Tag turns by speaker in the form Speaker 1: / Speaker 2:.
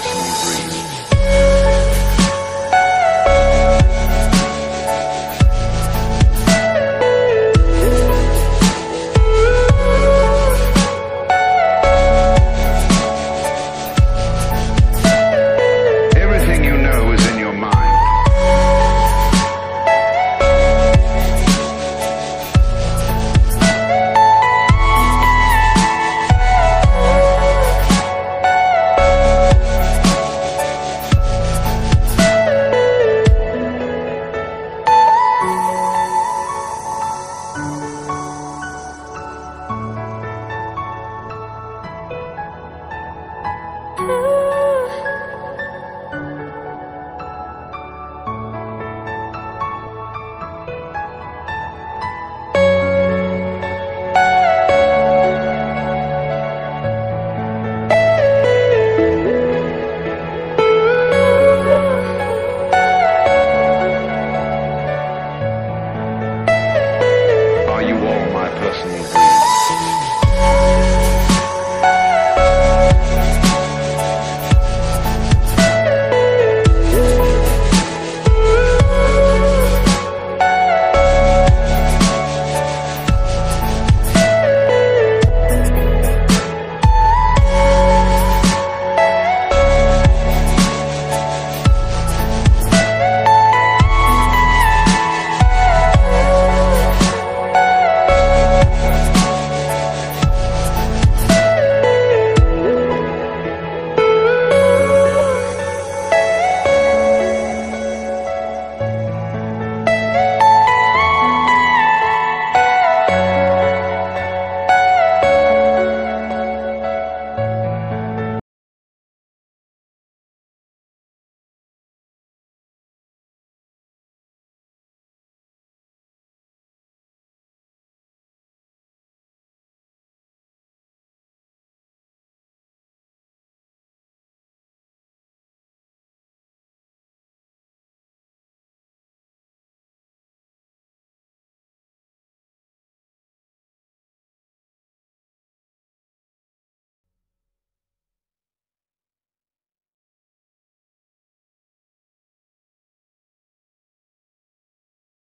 Speaker 1: personal dream